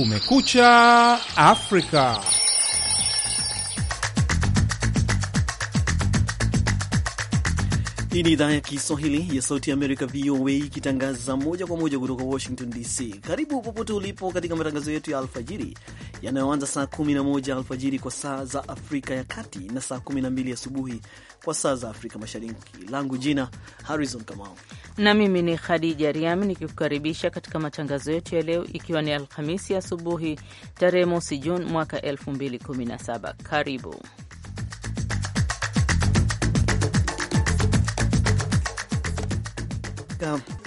Kumekucha Afrika. Hii ni idhaa ya Kiswahili ya Sauti ya Amerika, VOA, ikitangaza moja kwa moja kutoka Washington DC. Karibu popote ulipo katika matangazo yetu ya alfajiri yanayoanza saa 11 alfajiri kwa saa za Afrika ya Kati na saa 12 asubuhi kwa saa za Afrika Mashariki. Langu jina Harrison Kamau, na mimi ni Khadija Riami nikikukaribisha katika matangazo yetu ya leo, ikiwa ni Alhamisi asubuhi tarehe mosi Juni mwaka 2017. Karibu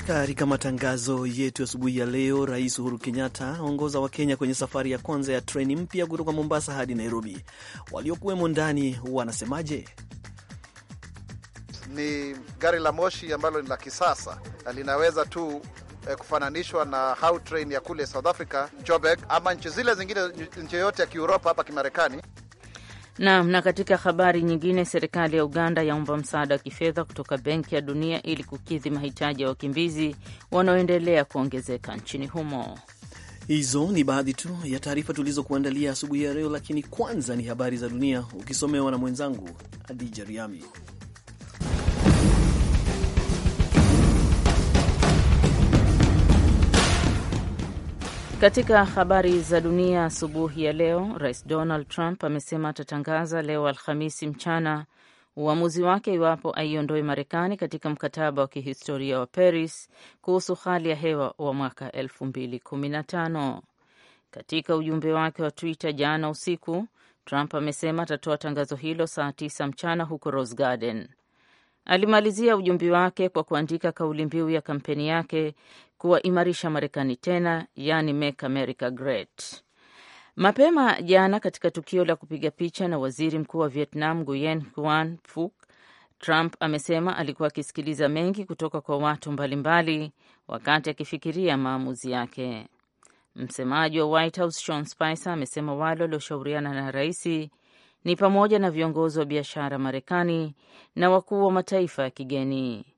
katika matangazo yetu asubuhi ya leo, Rais Uhuru Kenyatta aongoza Wakenya kwenye safari ya kwanza ya treni mpya kutoka Mombasa hadi Nairobi. Waliokuwemo ndani wanasemaje? Ni gari la moshi ambalo ni la kisasa na linaweza tu eh, kufananishwa na how train ya kule South Africa Joburg, ama nchi zile zingine, nchi yoyote ya Kiuropa hapa Kimarekani. Naam. Na katika habari nyingine, serikali ya Uganda yaomba msaada wa kifedha kutoka Benki ya Dunia ili kukidhi mahitaji ya wakimbizi wanaoendelea kuongezeka nchini humo. Hizo ni baadhi tu ya taarifa tulizokuandalia asubuhi ya leo, lakini kwanza ni habari za dunia ukisomewa na mwenzangu Adija Riami. Katika habari za dunia asubuhi ya leo, Rais Donald Trump amesema atatangaza leo Alhamisi mchana uamuzi wake iwapo aiondoe Marekani katika mkataba wa kihistoria wa Paris kuhusu hali ya hewa wa mwaka 2015. Katika ujumbe wake wa Twitter jana usiku, Trump amesema atatoa tangazo hilo saa 9 mchana huko Rose Garden. Alimalizia ujumbe wake kwa kuandika kauli mbiu ya kampeni yake kuwaimarisha Marekani tena, yani Make America Great. Mapema jana katika tukio la kupiga picha na waziri mkuu wa Vietnam Nguyen huan Phuc, Trump amesema alikuwa akisikiliza mengi kutoka kwa watu mbalimbali wakati akifikiria maamuzi yake. Msemaji wa White House Sean Spicer amesema wale walioshauriana na raisi ni pamoja na viongozi wa biashara Marekani na wakuu wa mataifa ya kigeni.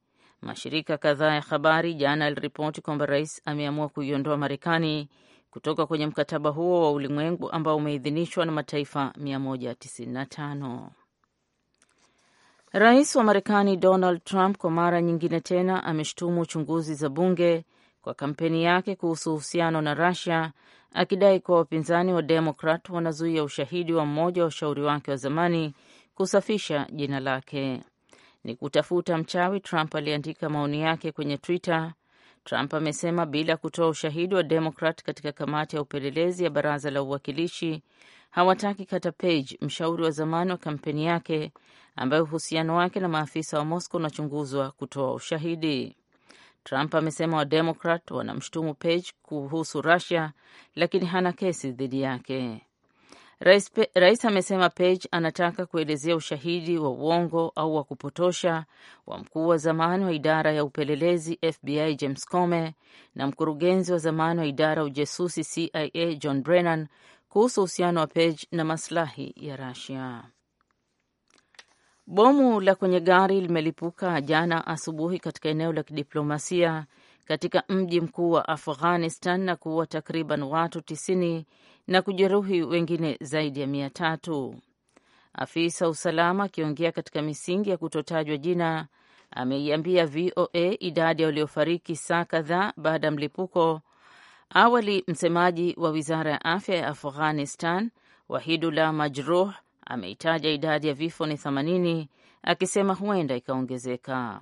Mashirika kadhaa ya habari jana aliripoti kwamba rais ameamua kuiondoa Marekani kutoka kwenye mkataba huo wa ulimwengu ambao umeidhinishwa na mataifa 195. Rais wa Marekani Donald Trump kwa mara nyingine tena ameshutumu uchunguzi za bunge kwa kampeni yake kuhusu uhusiano na rasia akidai kuwa wapinzani wa Demokrat wanazuia ushahidi wa mmoja wa ushauri wake wa zamani kusafisha jina lake ni kutafuta mchawi, Trump aliandika maoni yake kwenye Twitter. Trump amesema bila kutoa ushahidi wa Demokrat katika kamati ya upelelezi ya baraza la uwakilishi hawataki Carter Page, mshauri wa zamani wa kampeni yake, ambaye uhusiano wake na maafisa wa Moscow unachunguzwa, kutoa ushahidi. Trump amesema Wademokrat wanamshutumu Page kuhusu rusia lakini hana kesi dhidi yake. Rais, rais amesema Page anataka kuelezea ushahidi wa uongo au wa kupotosha wa mkuu wa zamani wa idara ya upelelezi FBI James Comey na mkurugenzi wa zamani wa idara ya ujasusi CIA John Brennan kuhusu uhusiano wa Page na maslahi ya Russia. Bomu la kwenye gari limelipuka jana asubuhi katika eneo la kidiplomasia katika mji mkuu wa Afghanistan na kuua takriban watu 90 na kujeruhi wengine zaidi ya mia tatu. Afisa usalama akiongea katika misingi ya kutotajwa jina ameiambia VOA idadi ya waliofariki saa kadhaa baada ya mlipuko. Awali, msemaji wa wizara ya afya ya Afghanistan Wahidullah Majruh ameitaja idadi ya vifo ni 80 akisema huenda ikaongezeka.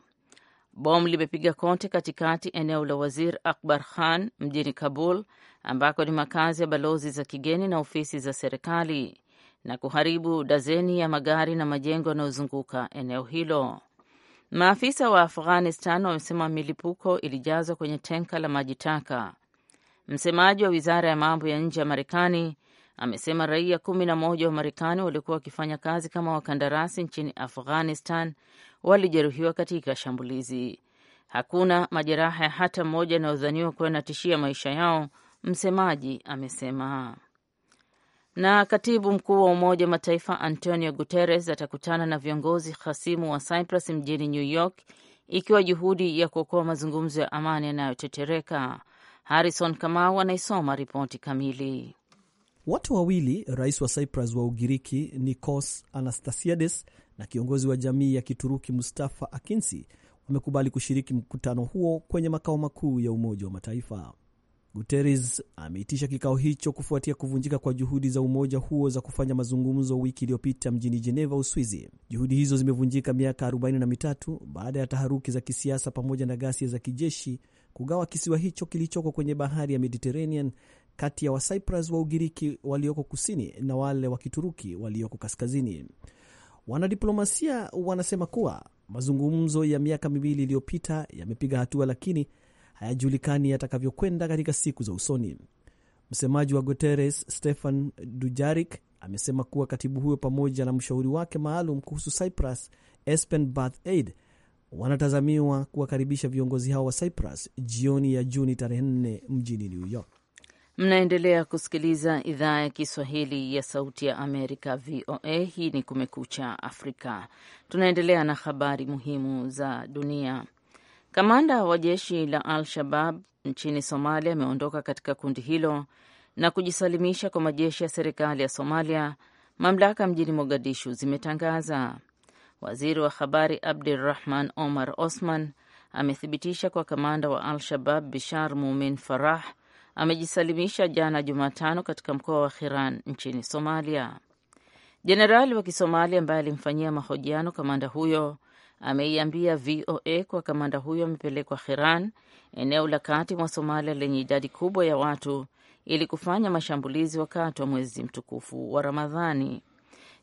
Bomu limepiga konti katikati eneo la Wazir Akbar Khan mjini Kabul, ambako ni makazi ya balozi za kigeni na ofisi za serikali na kuharibu dazeni ya magari na majengo yanayozunguka eneo hilo. Maafisa wa Afghanistan wamesema milipuko ilijazwa kwenye tenka la maji taka. Msemaji wa wizara ya mambo ya nje ya Marekani amesema raia kumi na moja wa Marekani waliokuwa wakifanya kazi kama wakandarasi nchini Afghanistan walijeruhiwa katika shambulizi. Hakuna majeraha ya hata mmoja yanayodhaniwa kuwa yanatishia maisha yao, msemaji amesema. Na katibu mkuu wa Umoja wa Mataifa Antonio Guterres atakutana na viongozi hasimu wa Cyprus mjini New York, ikiwa juhudi ya kuokoa mazungumzo ya amani yanayotetereka. Harrison Kamau anaisoma ripoti kamili. Watu wawili, rais wa Cyprus wa Ugiriki Nikos Anastasiades na kiongozi wa jamii ya Kituruki Mustafa akinsi wamekubali kushiriki mkutano huo kwenye makao makuu ya Umoja wa Mataifa. Guterres ameitisha kikao hicho kufuatia kuvunjika kwa juhudi za umoja huo za kufanya mazungumzo wiki iliyopita mjini Jeneva, Uswizi. Juhudi hizo zimevunjika miaka 43 baada ya taharuki za kisiasa pamoja na ghasia za kijeshi kugawa kisiwa hicho kilichoko kwenye bahari ya Mediterranean kati ya Wacyprus wa Ugiriki walioko kusini na wale wa Kituruki walioko kaskazini. Wanadiplomasia wanasema kuwa mazungumzo ya miaka miwili iliyopita yamepiga hatua, lakini hayajulikani yatakavyokwenda katika siku za usoni. Msemaji wa Guterres Stefan Dujarik amesema kuwa katibu huyo pamoja na mshauri wake maalum kuhusu Cyprus Espen Barth Aid wanatazamiwa kuwakaribisha viongozi hao wa Cyprus jioni ya Juni tarehe 4 mjini New York. Mnaendelea kusikiliza idhaa ya Kiswahili ya Sauti ya Amerika, VOA. Hii ni Kumekucha Afrika. Tunaendelea na habari muhimu za dunia. Kamanda wa jeshi la Al-Shabab nchini Somalia ameondoka katika kundi hilo na kujisalimisha kwa majeshi ya serikali ya Somalia, mamlaka mjini Mogadishu zimetangaza. Waziri wa habari Abdurahman Omar Osman amethibitisha kwa kamanda wa Al-Shabab Bishar Mumin Farah amejisalimisha jana Jumatano katika mkoa wa Hiran nchini Somalia. Jenerali wa Kisomalia ambaye alimfanyia mahojiano kamanda huyo ameiambia VOA kuwa kamanda huyo amepelekwa Hiran, eneo la kati mwa Somalia lenye idadi kubwa ya watu, ili kufanya mashambulizi wakati wa mwezi mtukufu wa Ramadhani.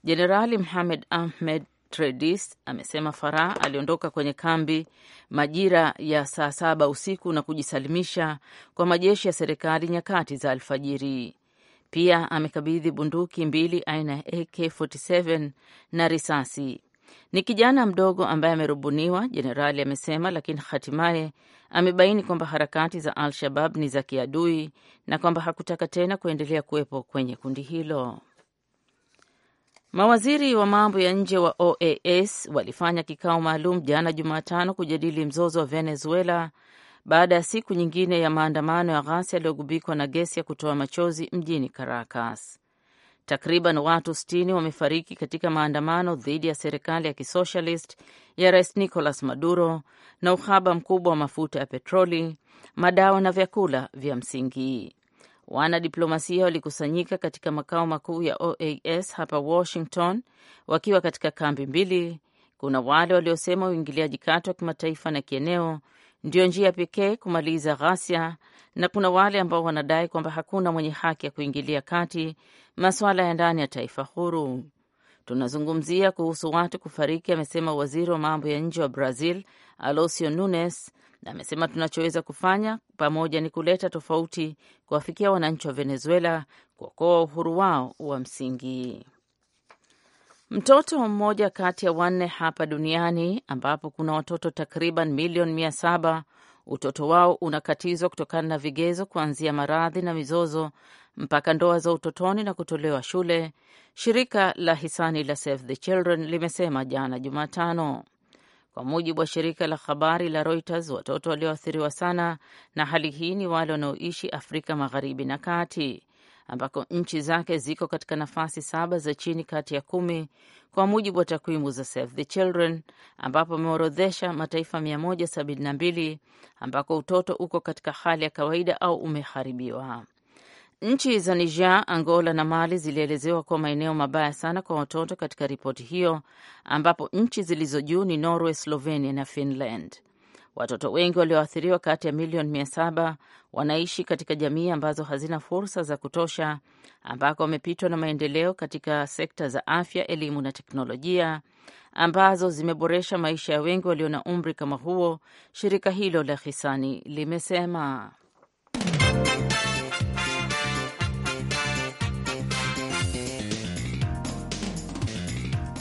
Jenerali Mohamed Ahmed Tredis amesema Farah aliondoka kwenye kambi majira ya saa saba usiku na kujisalimisha kwa majeshi ya serikali nyakati za alfajiri. Pia amekabidhi bunduki mbili aina ya AK47 na risasi. Ni kijana mdogo ambaye amerubuniwa, jenerali amesema, lakini hatimaye amebaini kwamba harakati za Al-Shabab ni za kiadui na kwamba hakutaka tena kuendelea kuwepo kwenye kundi hilo. Mawaziri wa mambo ya nje wa OAS walifanya kikao maalum jana Jumatano kujadili mzozo wa Venezuela baada ya siku nyingine ya maandamano ya ghasia yaliyogubikwa na gesi ya kutoa machozi mjini Caracas. Takriban watu 60 wamefariki katika maandamano dhidi ya serikali ya kisocialist ya Rais Nicolas Maduro na uhaba mkubwa wa mafuta ya petroli, madawa na vyakula vya msingi. Wanadiplomasia walikusanyika katika makao makuu ya OAS hapa Washington, wakiwa katika kambi mbili. Kuna wale waliosema uingiliaji kati wa kimataifa na kieneo ndio njia pekee kumaliza ghasia, na kuna wale ambao wanadai kwamba hakuna mwenye haki ya kuingilia kati masuala ya ndani ya taifa huru. Tunazungumzia kuhusu watu kufariki, amesema waziri wa mambo ya nje wa Brazil Alosio Nunes na amesema tunachoweza kufanya pamoja ni kuleta tofauti, kuwafikia wananchi wa Venezuela, kuokoa uhuru wao wa msingi. Mtoto mmoja kati ya wanne hapa duniani ambapo kuna watoto takriban milioni mia saba utoto wao unakatizwa kutokana na vigezo kuanzia maradhi na mizozo mpaka ndoa za utotoni na kutolewa shule. Shirika la hisani la Save the Children limesema jana Jumatano kwa mujibu wa shirika la habari la Reuters, watoto walioathiriwa sana na hali hii ni wale wanaoishi Afrika Magharibi na Kati, ambako nchi zake ziko katika nafasi saba za chini kati ya kumi kwa mujibu wa takwimu za Save the Children, ambapo ameorodhesha mataifa 172 ambako utoto uko katika hali ya kawaida au umeharibiwa. Nchi za Niger, Angola na Mali zilielezewa kuwa maeneo mabaya sana kwa watoto katika ripoti hiyo, ambapo nchi zilizo juu ni Norway, Slovenia na Finland. Watoto wengi walioathiriwa, kati ya milioni mia saba, wanaishi katika jamii ambazo hazina fursa za kutosha, ambako wamepitwa na maendeleo katika sekta za afya, elimu na teknolojia ambazo zimeboresha maisha ya wengi walio na umri kama huo, shirika hilo la hisani limesema.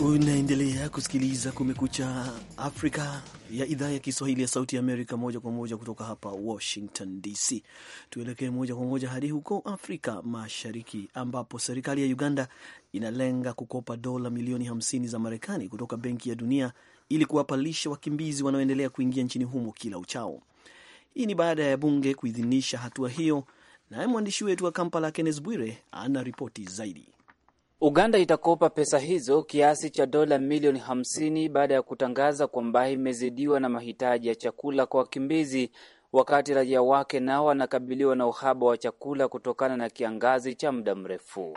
Unaendelea kusikiliza Kumekucha Afrika ya idhaa ya Kiswahili ya Sauti ya Amerika, moja kwa moja kutoka hapa Washington DC. Tuelekee moja kwa moja hadi huko Afrika Mashariki, ambapo serikali ya Uganda inalenga kukopa dola milioni 50 za Marekani kutoka Benki ya Dunia ili kuwapalisha wakimbizi wanaoendelea kuingia nchini humo kila uchao. Hii ni baada ya bunge kuidhinisha hatua hiyo. Naye mwandishi wetu wa Kampala, kennes Bwire, ana ripoti zaidi. Uganda itakopa pesa hizo kiasi cha dola milioni 50 baada ya kutangaza kwamba imezidiwa na mahitaji ya chakula kwa wakimbizi, wakati raia wake nao wanakabiliwa na uhaba wa chakula kutokana na kiangazi cha muda mrefu.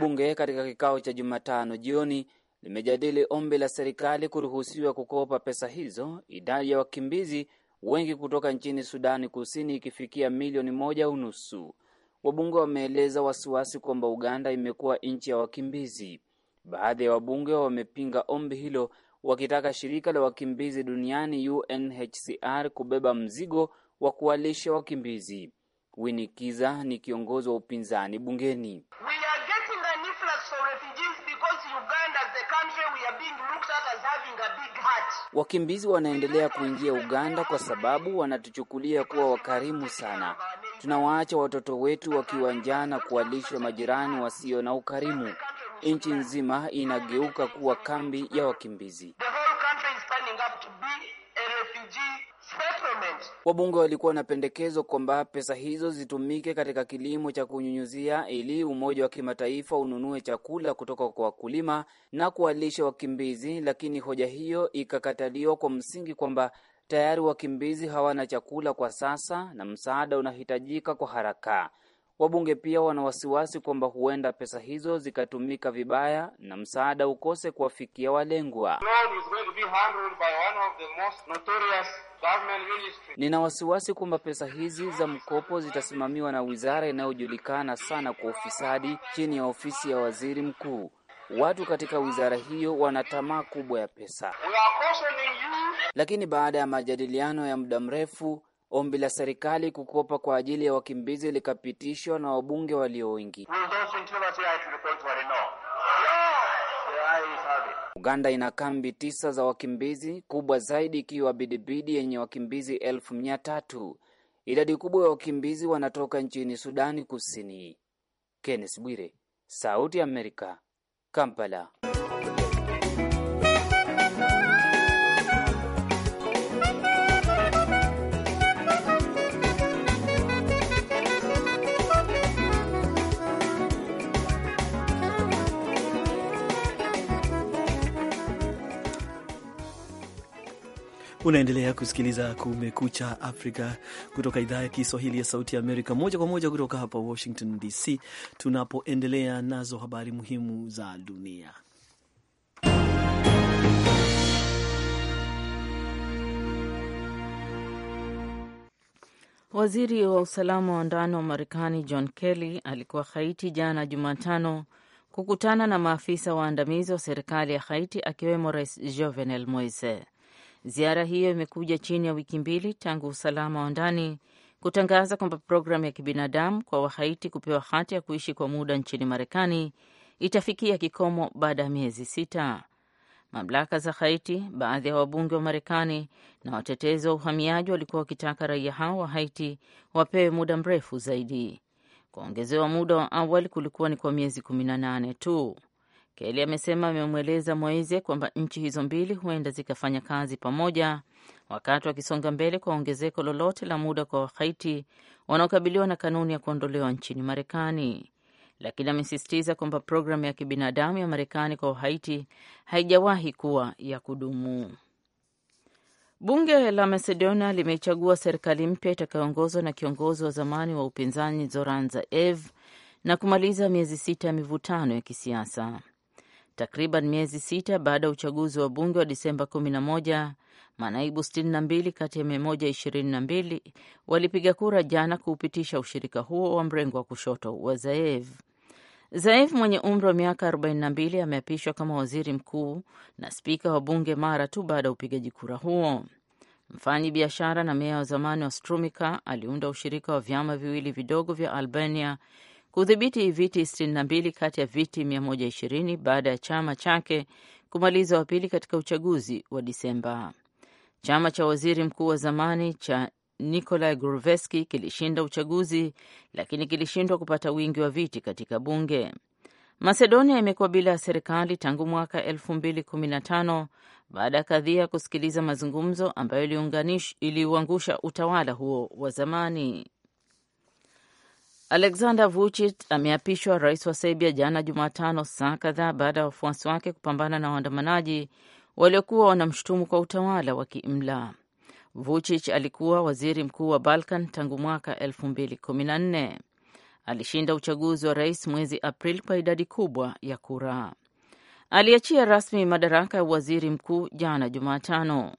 Bunge katika kikao cha Jumatano jioni limejadili ombi la serikali kuruhusiwa kukopa pesa hizo, idadi ya wakimbizi wengi kutoka nchini Sudani Kusini ikifikia milioni moja unusu. Wabunge wameeleza wasiwasi kwamba Uganda imekuwa nchi ya wakimbizi. Baadhi ya wabunge wamepinga ombi hilo wakitaka shirika la wakimbizi duniani UNHCR kubeba mzigo wa kuwalisha wakimbizi. Winikiza ni kiongozi wa upinzani bungeni. Wakimbizi wanaendelea kuingia Uganda kwa sababu wanatuchukulia kuwa wakarimu sana. Tunawaacha watoto wetu wakiwa njaa na kuwalisha majirani wasio na ukarimu. Nchi nzima inageuka kuwa kambi ya wakimbizi. Wabunge walikuwa na pendekezo kwamba pesa hizo zitumike katika kilimo cha kunyunyuzia ili Umoja wa Kimataifa ununue chakula kutoka kwa wakulima na kuwalisha wakimbizi, lakini hoja hiyo ikakataliwa kwa msingi kwamba Tayari wakimbizi hawana chakula kwa sasa na msaada unahitajika kwa haraka. Wabunge pia wana wasiwasi kwamba huenda pesa hizo zikatumika vibaya na msaada ukose kuwafikia walengwa. Nina wasiwasi kwamba pesa hizi za mkopo zitasimamiwa na wizara inayojulikana sana kwa ufisadi chini ya ofisi ya waziri mkuu. Watu katika wizara hiyo wana tamaa kubwa ya pesa, lakini baada ya majadiliano ya muda mrefu, ombi la serikali kukopa kwa ajili ya wakimbizi likapitishwa na wabunge walio wengi. Uganda ina kambi tisa za wakimbizi, kubwa zaidi ikiwa Bidibidi yenye wakimbizi elfu mia tatu. Idadi kubwa ya wakimbizi wanatoka nchini Sudani Kusini. Kenneth Bwire, Sauti ya Amerika, Kampala. Unaendelea kusikiliza Kumekucha Afrika kutoka idhaa ya Kiswahili ya Sauti ya Amerika, moja kwa moja kutoka hapa Washington DC, tunapoendelea nazo habari muhimu za dunia. Waziri wa usalama wa ndani wa Marekani John Kelly alikuwa Haiti jana Jumatano kukutana na maafisa waandamizi wa serikali ya Haiti akiwemo Rais Jovenel Moise. Ziara hiyo imekuja chini ya wiki mbili tangu usalama wa ndani kutangaza kwamba programu ya kibinadamu kwa Wahaiti kupewa hati ya kuishi kwa muda nchini Marekani itafikia kikomo baada ya miezi sita. Mamlaka za Haiti, baadhi ya wabunge wa Marekani na watetezi wa uhamiaji walikuwa wakitaka raia hao wa Haiti wapewe muda mrefu zaidi. Kuongezewa muda wa awali kulikuwa ni kwa miezi 18 tu. Keli amesema amemweleza Mwaize kwamba nchi hizo mbili huenda zikafanya kazi pamoja wakati wakisonga mbele kwa ongezeko lolote la muda kwa Wahaiti wanaokabiliwa na kanuni ya kuondolewa nchini Marekani. Lakini amesisitiza kwamba programu ya kibinadamu ya Marekani kwa Wahaiti haijawahi kuwa ya kudumu. Bunge la Macedonia limechagua serikali mpya itakayoongozwa na kiongozi wa zamani wa upinzani Zoran Zaev na kumaliza miezi sita ya mivutano ya kisiasa. Takriban miezi sita baada ya uchaguzi wa bunge wa Disemba 11, manaibu 62 kati ya 122 walipiga kura jana kuupitisha ushirika huo wa mrengo wa kushoto wa Zaev. Zaev mwenye umri wa miaka 42 ameapishwa kama waziri mkuu na spika wa bunge mara tu baada ya upigaji kura huo. Mfanyi biashara na meya wa zamani wa strumica aliunda ushirika wa vyama viwili vidogo vya Albania kudhibiti viti 62 kati ya viti 120 baada ya chama chake kumaliza wa pili katika uchaguzi wa Disemba. Chama cha waziri mkuu wa zamani cha Nikolai Gruevski kilishinda uchaguzi lakini kilishindwa kupata wingi wa viti katika bunge. Macedonia imekuwa bila ya serikali tangu mwaka 2015 baada ya kadhia kusikiliza mazungumzo ambayo iliuangusha utawala huo wa zamani. Alexander Vucic ameapishwa rais wa Serbia jana Jumatano, saa kadhaa baada ya wafuasi wake kupambana na waandamanaji waliokuwa wanamshutumu kwa utawala wa kiimla. Vucic alikuwa waziri mkuu wa Balkan tangu mwaka elfu Alishinda uchaguzi wa rais mwezi Aprili kwa idadi kubwa ya kura. Aliachia rasmi madaraka ya waziri mkuu jana Jumatano.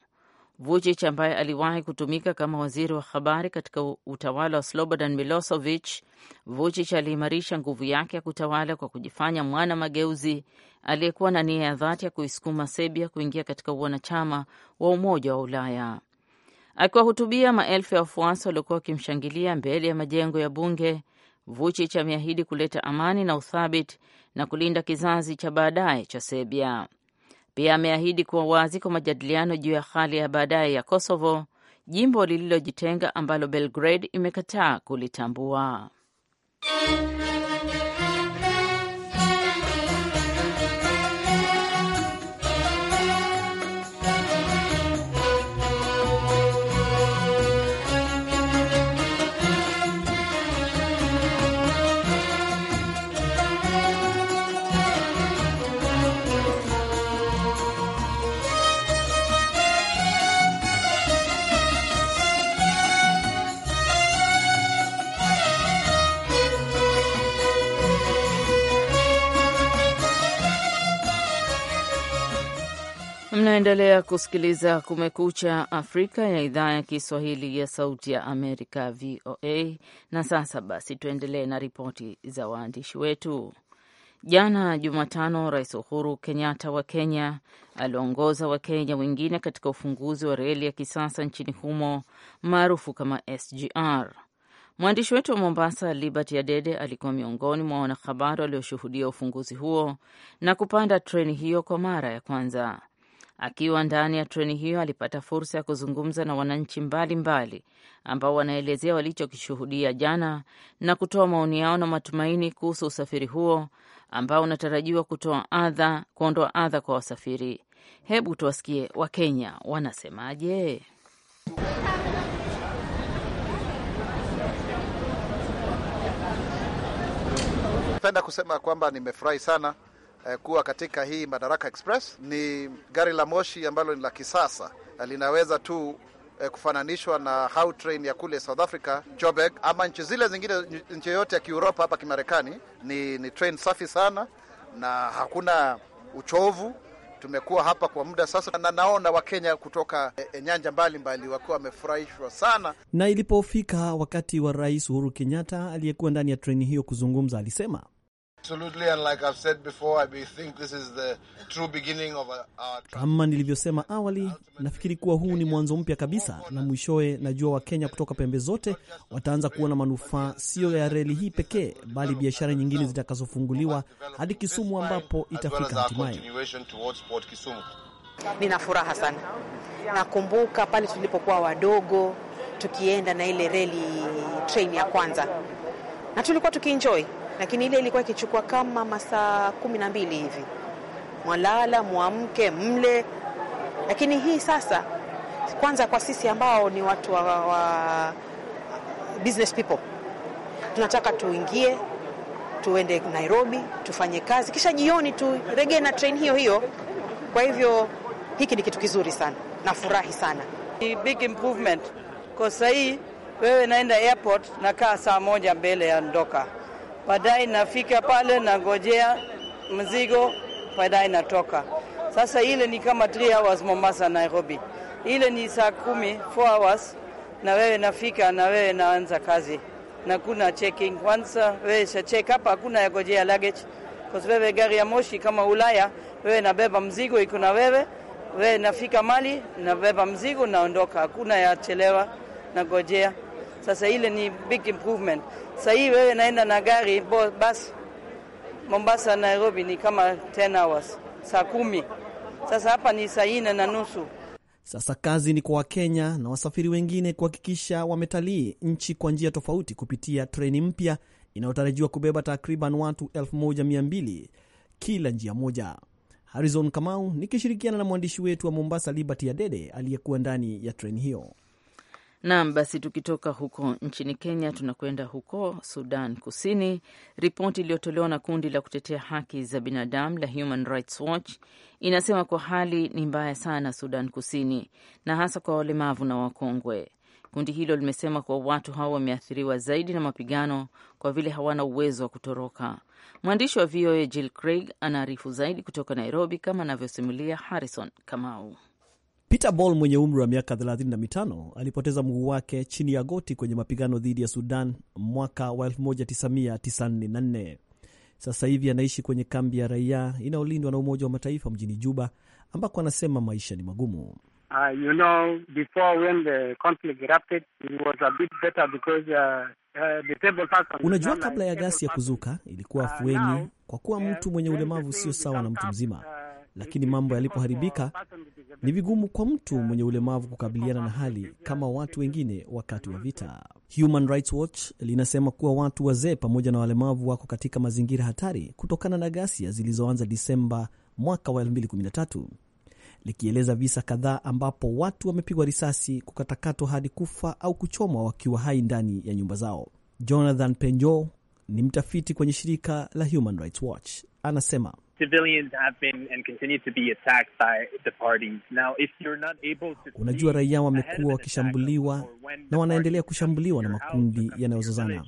Vucic ambaye aliwahi kutumika kama waziri wa habari katika utawala wa Slobodan Milosevic. Vucic aliimarisha nguvu yake ya kutawala kwa kujifanya mwana mageuzi aliyekuwa na nia ya dhati ya kuisukuma Serbia kuingia katika uanachama wa Umoja wa Ulaya. Akiwahutubia maelfu ya wafuasi waliokuwa wakimshangilia mbele ya majengo ya bunge, Vucic ameahidi kuleta amani na uthabiti na kulinda kizazi cha baadaye cha Serbia. Pia ameahidi kuwa wazi kwa majadiliano juu ya hali ya baadaye ya Kosovo, jimbo lililojitenga ambalo Belgrade imekataa kulitambua. Mnaendelea kusikiliza Kumekucha Afrika ya idhaa ya Kiswahili ya Sauti ya Amerika, VOA. Na sasa basi, tuendelee na ripoti za waandishi wetu. Jana Jumatano, Rais Uhuru Kenyatta wa Kenya aliongoza Wakenya wengine katika ufunguzi wa reli ya kisasa nchini humo maarufu kama SGR. Mwandishi wetu wa Mombasa, Liberty Adede, alikuwa miongoni mwa wanahabari walioshuhudia ufunguzi huo na kupanda treni hiyo kwa mara ya kwanza. Akiwa ndani ya treni hiyo, alipata fursa ya kuzungumza na wananchi mbalimbali ambao wanaelezea walichokishuhudia jana na kutoa maoni yao na matumaini kuhusu usafiri huo ambao unatarajiwa kutoa adha, kuondoa adha kwa wasafiri. Hebu tuwasikie Wakenya wanasemaje. Napenda kusema kwamba nimefurahi sana eh, kuwa katika hii Madaraka Express. Ni gari la moshi ambalo ni la kisasa, linaweza tu eh, kufananishwa na how train ya kule South Africa Joburg, ama nchi zile zingine, nchi yoyote ya Kiuropa. Hapa Kimarekani ni, ni train safi sana na hakuna uchovu. Tumekuwa hapa kwa muda sasa, na naona Wakenya kutoka e, nyanja mbalimbali wakiwa wamefurahishwa sana. Na ilipofika wakati wa Rais Uhuru Kenyatta aliyekuwa ndani ya treni hiyo kuzungumza, alisema kama nilivyosema awali, nafikiri kuwa huu ni mwanzo mpya kabisa, na mwishowe, najua Wakenya kutoka pembe zote wataanza kuona manufaa, siyo ya reli hii pekee, bali biashara nyingine zitakazofunguliwa hadi Kisumu ambapo itafika hatimaye. Nina furaha sana. Nakumbuka pale tulipokuwa wadogo tukienda na ile reli treni ya kwanza, na tulikuwa tukienjoy lakini ile ilikuwa ikichukua kama masaa kumi na mbili hivi, mwalala mwamke mle. Lakini hii sasa, kwanza kwa sisi ambao ni watu wa, wa business people, tunataka tuingie tuende Nairobi tufanye kazi, kisha jioni turegee na train hiyo hiyo. Kwa hivyo hiki ni kitu kizuri sana, nafurahi sana, ni big improvement kwa sahii. Wewe naenda airport nakaa saa moja mbele ya ndoka baadaye nafika pale nangojea mzigo, baadaye natoka. Sasa ile ni kama 3 hours Mombasa Nairobi, ile ni saa kumi, 4 hours na wewe nafika na wewe naanza kazi na kuna checking kwanza, wewe sha check hapa, hakuna ya gojea luggage kwa sababu wewe gari ya moshi kama Ulaya, wewe nabeba mzigo iko na wewe, wewe nafika mali nabeba mzigo naondoka, hakuna ya chelewa na gojea. Sasa ile ni big improvement. Sasa hii wewe naenda na gari bas Mombasa Nairobi ni kama 10 hours, saa kumi. Sasa hapa ni saa nne na nusu. Sasa kazi ni kwa Wakenya na wasafiri wengine kuhakikisha wametalii nchi kwa njia tofauti kupitia treni mpya inayotarajiwa kubeba takriban watu 1200 kila njia moja. Harrison Kamau nikishirikiana na mwandishi wetu wa Mombasa Liberty Adede aliyekuwa ndani ya treni hiyo. Naam, basi tukitoka huko nchini Kenya tunakwenda huko Sudan Kusini. Ripoti iliyotolewa na kundi la kutetea haki za binadamu la Human Rights Watch inasema kuwa hali ni mbaya sana Sudan Kusini, na hasa kwa walemavu na wakongwe. Kundi hilo limesema kuwa watu hao wameathiriwa zaidi na mapigano kwa vile hawana uwezo wa kutoroka. Mwandishi wa VOA Jill Craig anaarifu zaidi kutoka Nairobi, kama anavyosimulia Harrison Kamau. Peter Ball mwenye umri wa miaka 35 alipoteza mguu wake chini ya goti kwenye mapigano dhidi ya Sudan mwaka wa 1994. Sasa hivi anaishi kwenye kambi ya raia inayolindwa na Umoja wa Mataifa mjini Juba, ambako anasema maisha ni magumu. Uh, you know, before when the conflict erupted, it was a bit better because, uh, uh, unajua kabla ya gasi ya kuzuka ilikuwa ah, afueni, kwa kuwa mtu mwenye ulemavu sio sawa na mtu mzima. Uh, lakini mambo yalipoharibika, ni vigumu kwa mtu mwenye ulemavu kukabiliana na hali kama watu wengine wakati wa vita. Human Rights Watch linasema kuwa watu wazee pamoja na walemavu wako katika mazingira hatari kutokana na ghasia zilizoanza Disemba mwaka wa 2013 likieleza visa kadhaa ambapo watu wamepigwa risasi, kukatakatwa hadi kufa au kuchomwa wakiwa hai ndani ya nyumba zao. Jonathan Penjo ni mtafiti kwenye shirika la Human Rights Watch, anasema civilians have been and continue to be attacked by the parties. Now, if you're not able to... Unajua, raia wamekuwa wakishambuliwa na wanaendelea kushambuliwa na makundi yanayozozana. Uh,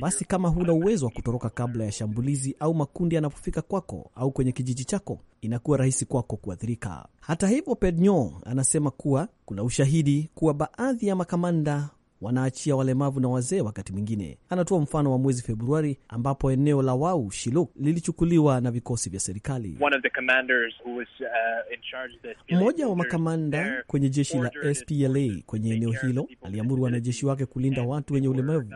Basi kama huna uwezo wa kutoroka kabla ya shambulizi au makundi yanapofika kwako au kwenye kijiji chako, inakuwa rahisi kwako kuathirika. Hata hivyo, Pednyo anasema kuwa kuna ushahidi kuwa baadhi ya makamanda wanaachia walemavu na wazee wakati mwingine. Anatoa mfano wa mwezi Februari ambapo eneo la Wau Shiluk lilichukuliwa na vikosi vya serikali. Uh, Mmoja wa makamanda kwenye jeshi la SPLA kwenye eneo hilo aliamuru wanajeshi wake kulinda watu wenye ulemavu,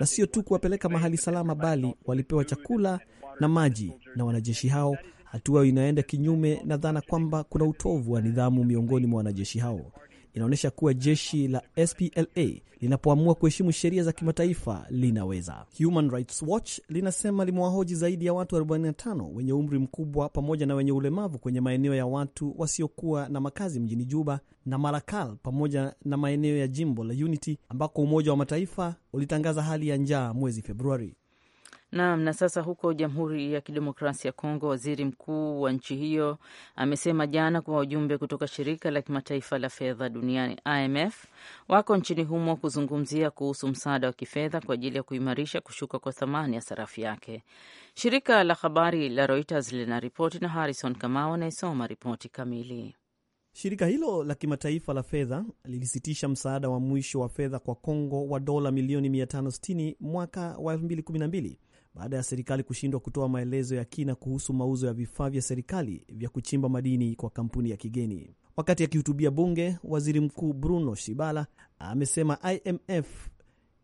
na sio tu kuwapeleka mahali salama, bali walipewa chakula na maji na wanajeshi hao. Hatua inaenda kinyume na dhana kwamba kuna utovu wa nidhamu miongoni mwa wanajeshi hao inaonyesha kuwa jeshi la SPLA linapoamua kuheshimu sheria za kimataifa linaweza. Human Rights Watch linasema limewahoji zaidi ya watu 45 wenye umri mkubwa pamoja na wenye ulemavu kwenye maeneo ya watu wasiokuwa na makazi mjini Juba na Malakal pamoja na maeneo ya jimbo la Unity ambako Umoja wa Mataifa ulitangaza hali ya njaa mwezi Februari. Naam. Na sasa huko Jamhuri ya Kidemokrasia ya Kongo, waziri mkuu wa nchi hiyo amesema jana kuwa wajumbe kutoka shirika la kimataifa la fedha duniani IMF wako nchini humo kuzungumzia kuhusu msaada wa kifedha kwa ajili ya kuimarisha kushuka kwa thamani ya sarafu yake. Shirika la habari la Reuters lina ripoti na Harrison Kamau anayesoma ripoti kamili. Shirika hilo la kimataifa la fedha lilisitisha msaada wa mwisho wa fedha kwa Kongo wa dola milioni 560 mwaka wa 2012 baada ya serikali kushindwa kutoa maelezo ya kina kuhusu mauzo ya vifaa vya serikali vya kuchimba madini kwa kampuni ya kigeni. Wakati akihutubia bunge, waziri mkuu Bruno Shibala amesema IMF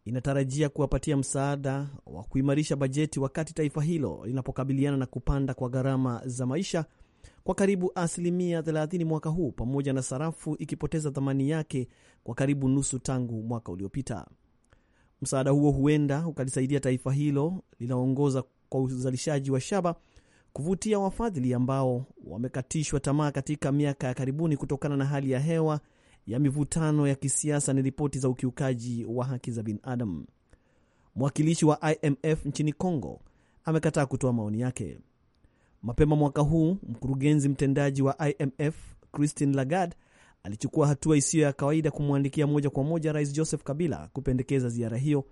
inatarajia kuwapatia msaada wa kuimarisha bajeti wakati taifa hilo linapokabiliana na kupanda kwa gharama za maisha kwa karibu asilimia 30 mwaka huu, pamoja na sarafu ikipoteza thamani yake kwa karibu nusu tangu mwaka uliopita. Msaada huo huenda ukalisaidia taifa hilo linaongoza kwa uzalishaji wa shaba kuvutia wafadhili ambao wamekatishwa tamaa katika miaka ya karibuni kutokana na hali ya hewa ya mivutano ya kisiasa na ripoti za ukiukaji wa haki za binadamu. Mwakilishi wa IMF nchini Kongo amekataa kutoa maoni yake. Mapema mwaka huu, mkurugenzi mtendaji wa IMF Christine Lagarde alichukua hatua isiyo ya kawaida kumwandikia moja kwa moja Rais Joseph Kabila kupendekeza ziara hiyo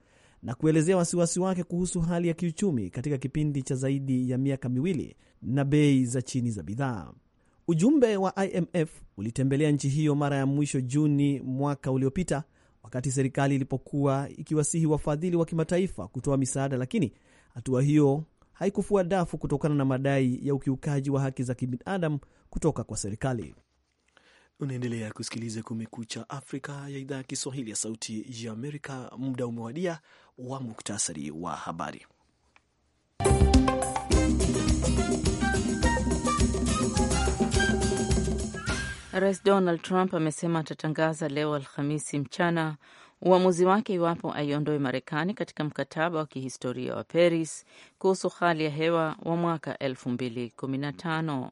na kuelezea wasiwasi wake kuhusu hali ya kiuchumi katika kipindi cha zaidi ya miaka miwili na bei za chini za bidhaa. Ujumbe wa IMF ulitembelea nchi hiyo mara ya mwisho Juni mwaka uliopita, wakati serikali ilipokuwa ikiwasihi wafadhili wa kimataifa kutoa misaada, lakini hatua hiyo haikufua dafu kutokana na madai ya ukiukaji wa haki za kibinadamu kutoka kwa serikali. Unaendelea kusikiliza Kumekucha Afrika ya idhaa ya Kiswahili ya Sauti ya Amerika. Muda umewadia wa muktasari wa habari. Rais Donald Trump amesema atatangaza leo Alhamisi mchana uamuzi wake iwapo aiondoe Marekani katika mkataba wa kihistoria wa Paris kuhusu hali ya hewa wa mwaka 2015.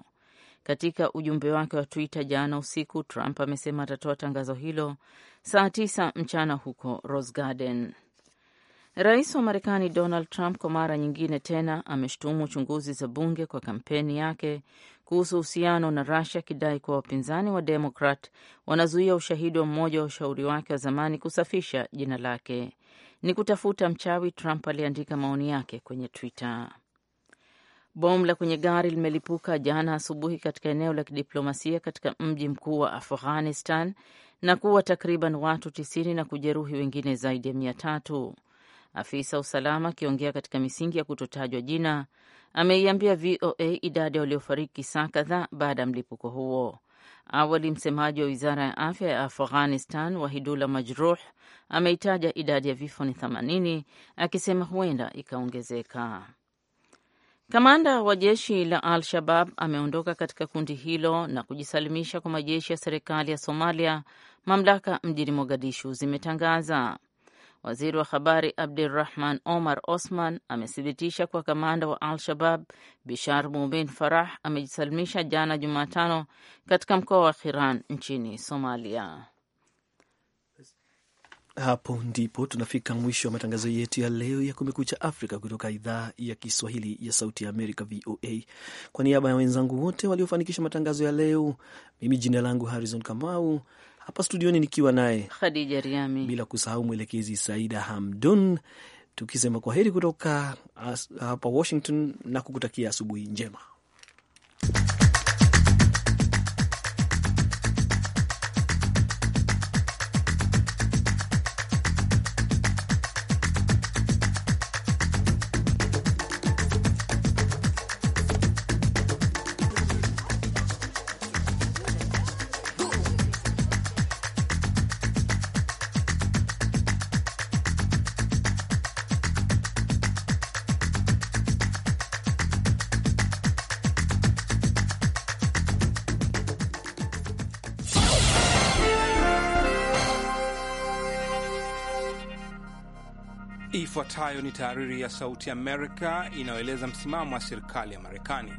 Katika ujumbe wake wa Twitter jana usiku, Trump amesema atatoa tangazo hilo saa tisa mchana huko Rose Garden. Rais wa Marekani Donald Trump kwa mara nyingine tena ameshutumu uchunguzi za bunge kwa kampeni yake kuhusu uhusiano na Russia, akidai kuwa wapinzani wa Demokrat wanazuia ushahidi wa mmoja wa ushauri wake wa zamani kusafisha jina lake. Ni kutafuta mchawi, Trump aliandika maoni yake kwenye Twitter. Bomu la kwenye gari limelipuka jana asubuhi katika eneo la kidiplomasia katika mji mkuu wa Afghanistan na kuwa takriban watu tisini na kujeruhi wengine zaidi ya mia tatu. Afisa usalama akiongea katika misingi ya kutotajwa jina ameiambia VOA idadi waliofariki saa kadhaa baada ya mlipuko huo. Awali msemaji wa wizara ya afya ya Afghanistan Wahidullah Majruh ameitaja idadi ya vifo ni 80 akisema huenda ikaongezeka. Kamanda wa jeshi la Al-Shabab ameondoka katika kundi hilo na kujisalimisha kwa majeshi ya serikali ya Somalia, mamlaka mjini Mogadishu zimetangaza. Waziri wa habari Abdurahman Omar Osman amethibitisha kuwa kamanda wa Al-Shabab Bishar Mumin Farah amejisalimisha jana Jumatano katika mkoa wa Hiran nchini Somalia. Hapo ndipo tunafika mwisho wa matangazo yetu ya leo ya Kumekucha Afrika kutoka idhaa ya Kiswahili ya Sauti ya Amerika, VOA. Kwa niaba ya wenzangu wote waliofanikisha matangazo ya leo, mimi jina langu Harrison Kamau, hapa studioni nikiwa naye Khadija Riami, bila kusahau mwelekezi Saida Hamdun, tukisema kwa heri kutoka hapa Washington na kukutakia asubuhi njema. Ifuatayo ni tahariri ya Sauti Amerika inayoeleza msimamo wa serikali ya Marekani.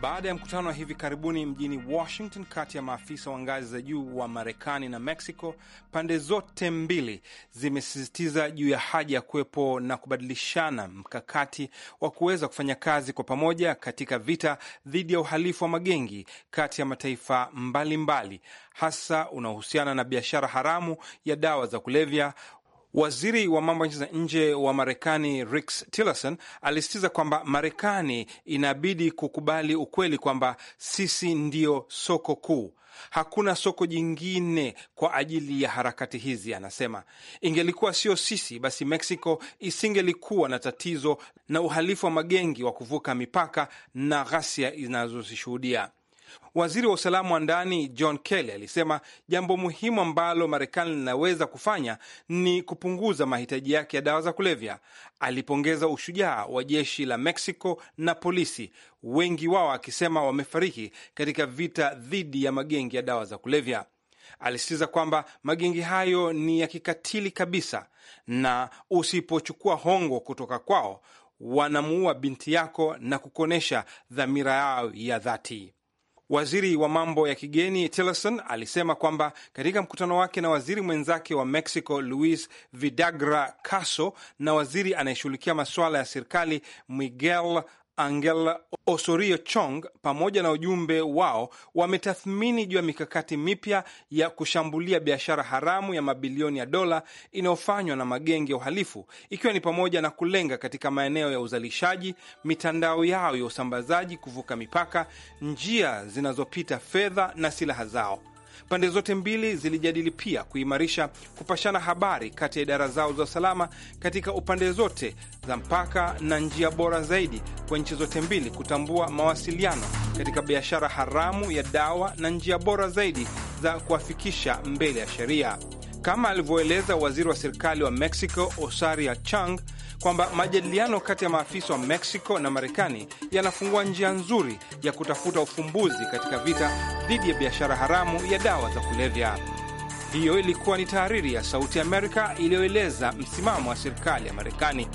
Baada ya mkutano wa hivi karibuni mjini Washington kati ya maafisa wa ngazi za juu wa Marekani na Mexico, pande zote mbili zimesisitiza juu ya haja ya kuwepo na kubadilishana mkakati wa kuweza kufanya kazi kwa pamoja katika vita dhidi ya uhalifu wa magengi kati ya mataifa mbalimbali mbali, hasa unaohusiana na biashara haramu ya dawa za kulevya, Waziri wa mambo ya nchi za nje wa Marekani Rex Tillerson alisisitiza kwamba Marekani inabidi kukubali ukweli kwamba sisi ndiyo soko kuu. Hakuna soko jingine kwa ajili ya harakati hizi, anasema. Ingelikuwa sio sisi, basi Mexico isingelikuwa na tatizo na uhalifu wa magengi wa kuvuka mipaka na ghasia inazozishuhudia. Waziri wa usalama wa ndani John Kelly alisema jambo muhimu ambalo Marekani linaweza kufanya ni kupunguza mahitaji yake ya dawa za kulevya. Alipongeza ushujaa wa jeshi la Mexico na polisi, wengi wao akisema wamefariki katika vita dhidi ya magengi ya dawa za kulevya. Alisisitiza kwamba magengi hayo ni ya kikatili kabisa, na usipochukua hongo kutoka kwao wanamuua binti yako na kukuonyesha dhamira yao ya dhati. Waziri wa mambo ya kigeni Tillerson alisema kwamba katika mkutano wake na waziri mwenzake wa Mexico Luis Vidagra Caso na waziri anayeshughulikia masuala ya serikali Miguel Angela Osorio Chong pamoja na ujumbe wao wametathmini juu ya mikakati mipya ya kushambulia biashara haramu ya mabilioni ya dola inayofanywa na magenge ya uhalifu ikiwa ni pamoja na kulenga katika maeneo ya uzalishaji, mitandao yao ya usambazaji kuvuka mipaka, njia zinazopita fedha na silaha zao. Pande zote mbili zilijadili pia kuimarisha kupashana habari kati ya idara zao za usalama katika upande zote za mpaka na njia bora zaidi kwa nchi zote mbili kutambua mawasiliano katika biashara haramu ya dawa na njia bora zaidi za kuwafikisha mbele ya sheria, kama alivyoeleza waziri wa serikali wa Mexico Osaria Chang kwamba majadiliano kati ya maafisa wa Mexico na Marekani yanafungua njia nzuri ya kutafuta ufumbuzi katika vita dhidi ya biashara haramu ya dawa za kulevya. Hiyo ilikuwa ni tahariri ya Sauti ya Amerika iliyoeleza msimamo wa serikali ya Marekani.